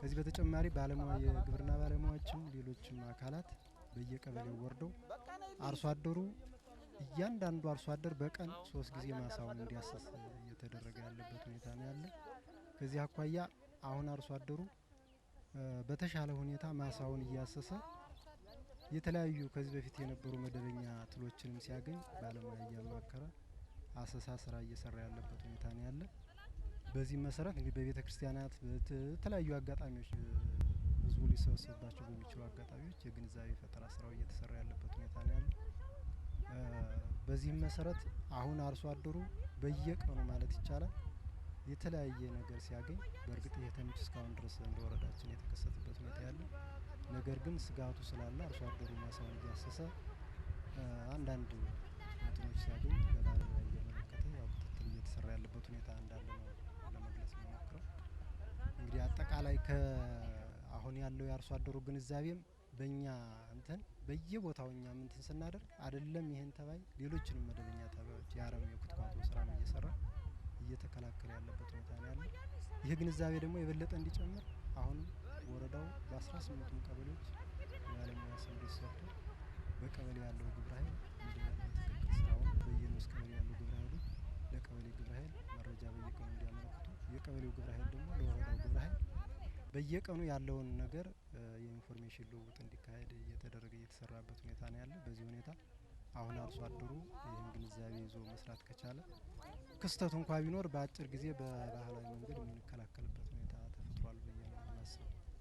ከዚህ በተጨማሪ ባለሙያ የግብርና ባለሙያዎችም ሌሎችም አካላት በየቀበሌው ወርደው አርሶ አደሩ እያንዳንዱ አርሶ አደር በቀን ሶስት ጊዜ ማሳውን እንዲያሰስ እየተደረገ ያለበት ሁኔታ ነው ያለ። ከዚህ አኳያ አሁን አርሶ አደሩ በተሻለ ሁኔታ ማሳውን እያሰሰ የተለያዩ ከዚህ በፊት የነበሩ መደበኛ ትሎችንም ሲያገኝ ባለሙያ እያማከረ አሰሳ ስራ እየሰራ ያለበት ሁኔታ ነው ያለ። በዚህም መሰረት እንግዲህ በቤተ ክርስቲያናት በተለያዩ አጋጣሚዎች ህዝቡ ሊሰበሰብባቸው በሚችሉ አጋጣሚዎች የግንዛቤ ፈጠራ ስራው እየተሰራ ያለበት ሁኔታ ነው ያለ። በዚህም መሰረት አሁን አርሶ አደሩ በየቀኑ ማለት ይቻላል የተለያየ ነገር ሲያገኝ በእርግጥ ይሄ ተምች እስካሁን ድረስ እንደ ወረዳችን የተከሰተበት ሁኔታ ያለ። ነገር ግን ስጋቱ ስላለ አርሶ አደሩ ማሳውን እያሰሰ አንዳንድ እንትኖች ሲያገኝ ከአሁን ያለው የአርሶ አደሩ ግንዛቤም በእኛ እንትን በየቦታው እኛ ምንትን ስናደርግ አይደለም ይህን ተባይ ሌሎችንም መደበኛ ተባዮች የአረም የኩትኳቶ ስራ እየሰራ እየተከላከለ ያለበት ሁኔታ ነው ያለ። ይህ ግንዛቤ ደግሞ የበለጠ እንዲጨምር አሁንም ወረዳው በአስራ ስምንቱም ቀበሌዎች የባለሙያ ስንዴ ሰርቶ በቀበሌ ያለው ግብረ ኃይል እንዲትክክል ስራውን በየንስ ቀበሌ ያለው ግብረ ኃይሉ ለቀበሌ ግብረ ኃይል መረጃ በየቀኑ እንዲያመለክቱ የቀበሌው ግብረ ኃይል ደግሞ ለወረዳው በየቀኑ ያለውን ነገር የኢንፎርሜሽን ልውውጥ እንዲካሄድ እየተደረገ እየተሰራበት ሁኔታ ነው ያለ። በዚህ ሁኔታ አሁን አርሶ አደሩ ይህን ግንዛቤ ይዞ መስራት ከቻለ ክስተቱ እንኳ ቢኖር በአጭር ጊዜ በባህላዊ መንገድ የምንከላ